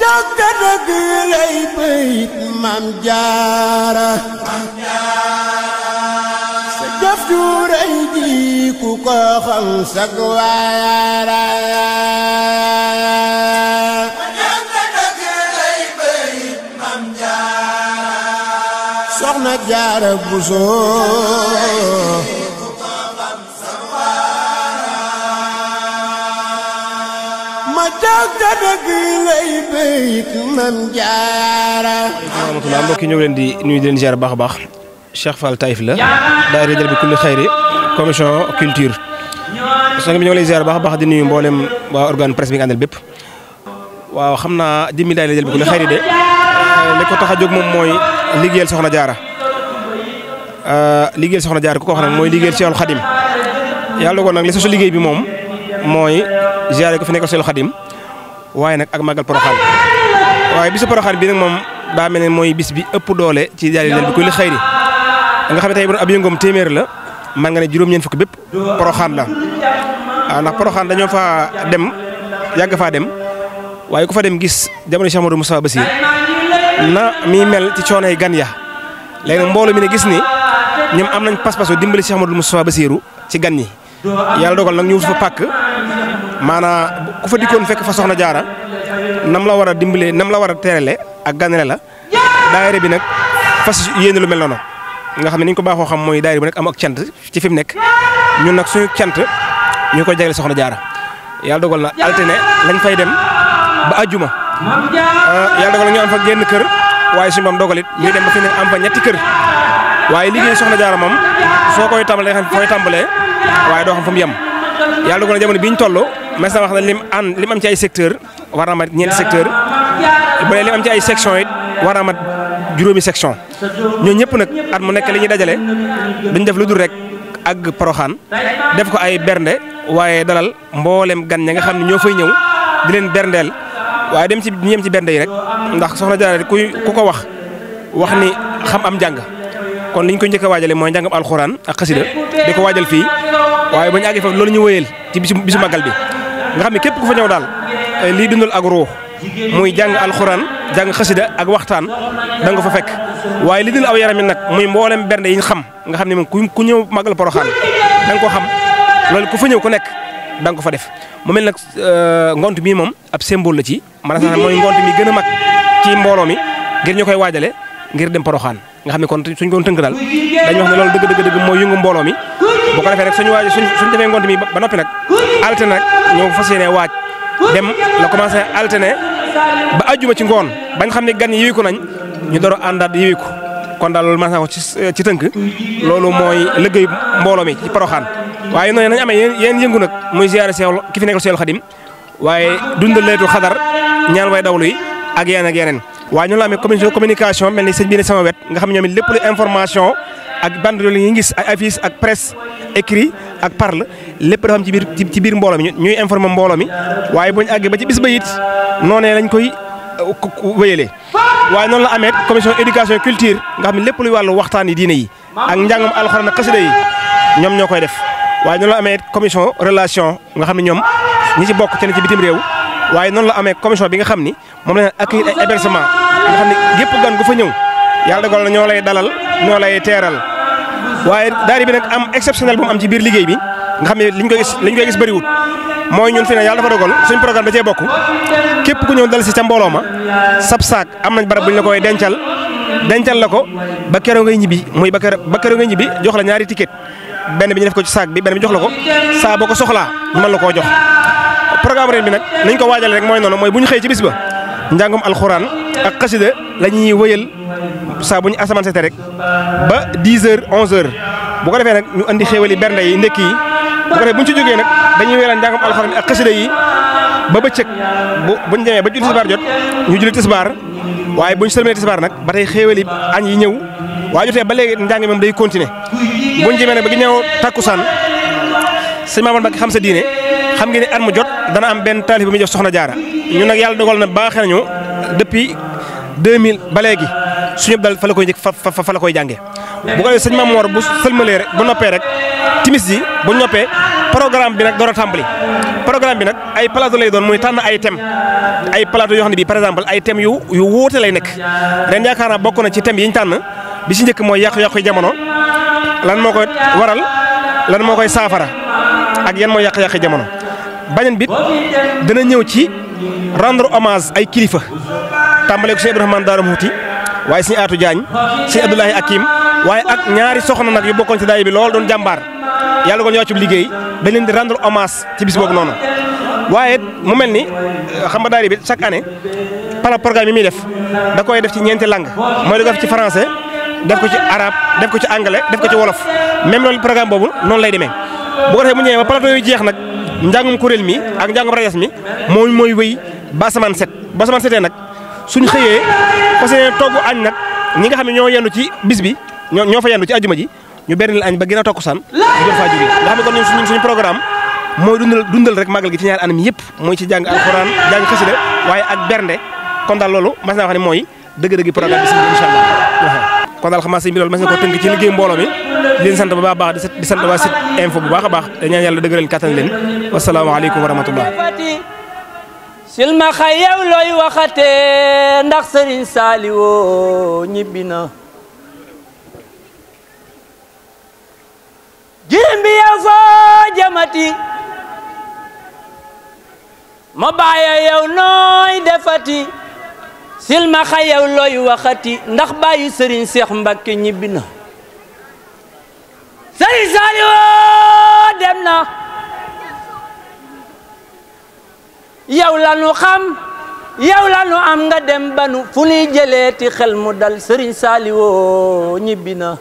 jàkka dëgg jaara sa bu soo rahmatullah mbokk ki ñëw leen di nuyu di leen ziar baax a baax Cheikh Fall Taïf la daay réjal bi kulli xayri commission culture soo bi ñëw lay ziar baax a baax di nuyu mboolem waa organe presse bi nga àndal bépp waaw xam naa jëmmi daay réjal bi kulli xayri de euh, li ko tax a jóg moom mooy liggéeyal soxna jaara euh, liggéeyal soxna jaara ku ko wax mooy liggéeyal Cheikhul Khadim yàlla ko nag li sosu liggéey bi moom mooy ziare ko fi nekkal Cheikhul waaye nag ak màggal poroxaan waaye bisu poroxaan bii nag moom baa mel ne mooy bis bi ëpp doole ci jaay leen bi ko li xëyri nga xam ne tey bu ab yëngoom téeméer la man nga ne fukk bépp poroxaan la waaw ndax dañoo fa dem yàgg faa dem waaye ku fa dem gis jamono Cheikh Modou Moustapha Bassir na mi mel ci coonay gan ya léegi nag mbooloo mi ne gis ni ñoom am nañ pas-pasu dimbali Cheikh Modou Moustapha Bassirou ci gan ñi yàlla dogal nag ñu wut fa pàkk maanaa ku fa dikkoon fekk fa soxna jaara nam la war a dimbalee nam la war a terale ak ganale la daayira bi nag fas yéene lu mel noonu nga xam ne ni ñu ko baaxoo xam mooy daayira bi nag am ak cant ci fi mu nekk ñun nag suñu cant ñu koy jagleel soxna jaara yàlla dogal na altine lañ fay dem ba àjjuma euh, yàlla dogal na ñu am fa génn kër waaye suñu bam dogalit ñu dem ba fi am fa ñetti kër waaye liggéey soxna jaara moom soo koy tàmbalee xam fooy tàmbalee waaye doo xam fa mu yem yàlla dogal na jamono biñ toll mas na wax na lim an am ci ay secteur war naa mat ñeenti secteur bu lim am ci ay section it war naa mat juróomi section ñoo ñëpp nag at mu nekk li ñuy dajale duñ def lu dul rek ak poroxaan def ko ay bernde waaye dalal mboolem gan ña nga xam ne ñoo fay ñëw di leen berndeel waaye dem ci ñu yem ci bernde yi rek ndax soxna Jaara rek kuy ku ko wax wax ni xam am njàng kon liñ ko njëkk a waajale mooy njàngam alxuraan ak xasida di ko waajal fii waaye bañ àggee foofu loolu ñu wëyal ci bisu bisu màggal bi nga xam ne képp ku fa ñëw daal eh, lii dundal ak ruux muy jàng alxuraan jàng xasida ak waxtaan da nga fa fekk waaye li dundal aw yaram yi nag muy mboolem bernde yi ñu xam nga xam ne moom ku ñëw màggal Poroxaan da nga ko xam loolu ku fa ñëw ku nekk da nga ko fa def. mu mel nag eh, ngont bii moom ab symbole la ci maanaam sax mooy ngont mi gën a mag ci mbooloo mi ngir ñu koy waajale ngir dem Poroxaan nga xam ne kon suñ ko tënk daal dañu wax ne loolu dëgg dëgg dëgg yëngu mbooloo mi. boo ko defee rek suñu waaj suñ suñ defee ngont mi ba noppi nag alterné nag ñoo fas yéene waaj dem la commencé alterné ba àjjuma ci ngoon bañ xam ne gan yi nañ ñu door a àndaat yéwi kon daal loolu mën naa ci ci tënk loolu mooy liggéey mbooloo mi ci Porokhane waaye noonu nañ amee yéen yëngu nag muy ziare Seexul ki fi nekkal Seexul Xadim waaye dundal leetu xadar ñaan way dawlu yi ak yeneen ak yeneen waaye ñu la amee communication mel ni sëñ bi ne sama nga xam ñoom it lépp information ak bande yi ngi gis ak affiche ak presse écrit ak parle lépp dafa am ci biir ci biir mbooloo mi ñuy informer mbooloo mi waaye bu ñu àggee ba ci bis ba it noonee lañ koy euh, wéyalee. waaye noonu la amee commission éducation culture nga xam ne lépp luy wàllu waxtaan yi diine yi ak njàngam alxuraan ak xasida yi ñoom ñoo koy def waaye noonu la amee commission relation nga xam ne ñoom ñi ci bokk ci na ci bitim réew. waaye noonu la amee commission bi nga xam ni moom la ñu accueil ay hébergement nga xam ne gépp gan gu fa ñëw yàlla dogal na ñoo lay dalal ñoo lay teeral. waaye daari bi nag am exceptionnel bu mu am ci biir liggéey bi nga xam ne li koy gis liñ koy gis bëriwul mooy ñun fi ne yàlla dafa dogal suñ programme da cee bokk képp ku ñëw dal si ca mbooloo ma sab saak am nañ barab bu ñu la koy dencal dencal la ko ba keroog ngay ñibbi muy ba keroog ngay ñibbi jox la ñaari tiket benn bi ñu def ko ci saak bi benn bi jox la ko saa boo ko soxlaa mën la koo jox programme bi nag nañ ko waajal rek mooy noonu mooy bu ñu xëy ci bis ba njàngum alxuraan ak xasida la ñuy wëyal saa bu ñu asamaan seete rek ba 10 heures 11 heures bu ko defee nag ñu andi xéewal yi bernde yi ndekki yi bu ko defee ci jógee nag dañuy wéyal njàngam alxuraan ak xasida yi ba bëccëg bu bu ñu ba julli tisbaar jot ñu julli tisbaar waaye bu ñu sëlmee tisbaar nag ba tey xéewal yi añ yi ñëw waaye jotee ba léegi njàng day continuer bu ñu jëmee nag ba ginnaaw takkusaan sëñ Maamadu Mbàkke xam sa diine xam ngeen ne at mu jot dana am benn taalif bu muy jox soxna jaara ñun yàlla dogal na baaxee nañu depuis 2000 ba léegi suñu dal fa la koy njëkk fa fa la koy jàngee. bu ko bu sëlmalee rek bu noppee timis yi bu noppee programme bi nag door a tàmbali programme bi nag ay plateau lay doon muy tànn ay tem ay plateau yoo xam ne bii par exemple ay tem yu yu wuute lay nekk ren yaakaar naa bokk na ci thèmes yi ñu tànn bi ci njëkk mooy yàqu-yàqu jamono lan moo koy waral lan moo koy saafara ak yan mooy yàq-yàq jamono beneen bit dana ñëw ci. rendre hommage ay kilifa tàmbale ko Cheikh Ibrahima Daaru Muxti waaye suñu Aatu Jaañ suñu Abdoulahi Akim waaye ak ñaari soxna nag yu bokkoon ci daay bi lool doon jàmbaar yàlla ko ñu liggéey dañ leen di rendre hommage ci bis boobu noonu. waaye mu mel ni xam nga daay bi chaque année par programme yi muy def da koy def ci ñeenti langue mooy def ci français def ko ci arabe def ko ci anglais def ko ci wolof même loolu programme boobu noonu lay demee bu ko defee mu ñëwee ba plateau yu jeex kuréel mi ak njàngum rajas mi ba samaan set ba samaan setee nag suñ xëyee parce que togg añ nag ñi nga xam ne ñoo yendu ci bis bi ñoo ñoo fa yendu ci àjjuma ji ñu bernil añ ba gën a tokku san ñu jël faa jógee suñu programme mooy dundal dundal rek màggal gi ci ñaari anam yëpp mooy ci jàng alxuraan jàng xasida waaye ak bernde kon daal loolu mas xam wax mooy dëgg-dëgg programme bi si incha allah kon daal xamaa sëñ loolu mas na ko tënk ci liggéey mbooloo mi leen sant bu baax baax di sant waa site info bu baax a baax dañaan yàlla dëgëral kàttan leen wasalaamaaleykum wa rahmatullah silmaxa yow looy waxate ndax sëriñ Saaliwoo ñibbi na jirim bi yow foo jamati ma bàyyi yow nooy defati silmaxa yow looy waxati ndax bàyyi sëriñ Seex Mbakke ñibbi na sëriñ Saaliwoo dem na yow la nu xam yow la nu am nga dem ba nu fu nuy jëleeti xel mu dal sëriñ Saaliwoo ñibbi na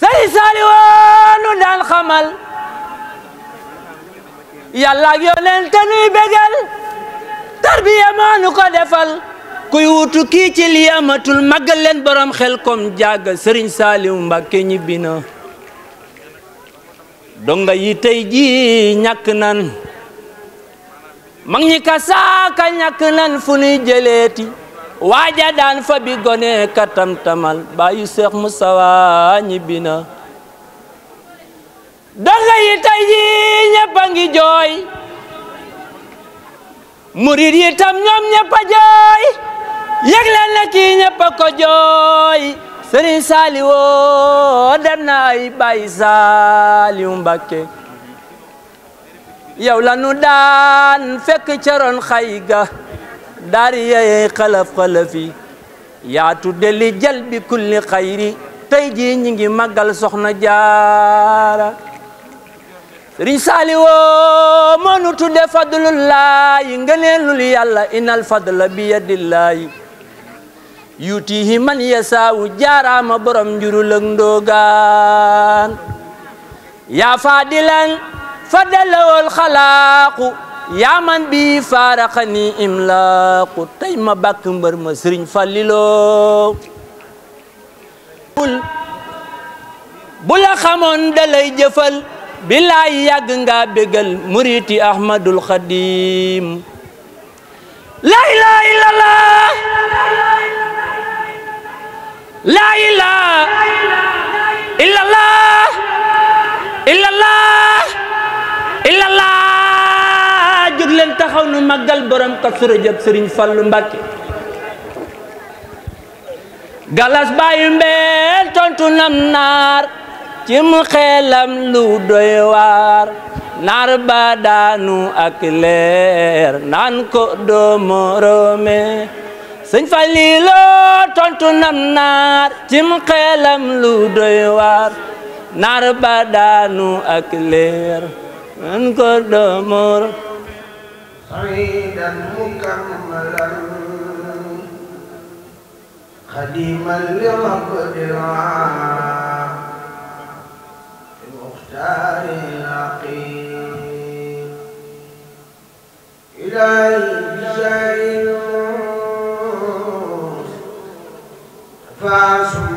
sëriñ Saaliwoo nu daan xamal yàlla ak yonent te nuy bégal tarbiya moo nu ko defal kuy wutu kii ci li amatul leen borom xel kom jàgg sëriñ Saaliw Mbàkke ñibbi na donga yi tey ji ñàkk nan mag ñi ka saaka ñàkk nan fu nuy jëleeti waaja daan fa bi gone ka tamtamal baayu seex musawa ñibbi na danga yi tey ji ñëpp ngi jooy murid yi tam ñoom ñëpp jooy yëg na kii ñëpp ko jooy sëriñ saali woo dem na ay bàyyi saali Mbàkke yow lanu daan fekk caroon xay ga daar yey xalaf-xalafi yaa tudde li jalbi kulli xayri tey jii ñi ngi màggal soxna jaara sëriñ saaliwoo moonu tudde fadlullaayi ngëneelul yàlla inal fadla bi yadillaayi yuutihi man yasaawu jaaraama borom njurul ak ndoogaan yaa faadilan fa dellawal xalaaqu yaaman bi faaraxa ni imlaaqu tey ma bàkk mbër ma sëriñ falliloo bu la xamoon dalay jëfal bilaay yàgg nga bégal muriti ahmadul xadim la ilaha illallah màggal borom Kazu Rajab Sëriñ Fallu Mbàkke galas bàyyi mbeel tontu nam naar cim xelam lu doy waar naar ba daanu ak leer naan ko doomo roome sëñ Fallilu tontu nam naar cim xelam lu doy waar naar ba daanu ak leer naan ko doomo عيدا مكملا خديما لرب الرعاة المختار العقيم إلهي بشاري فاصبر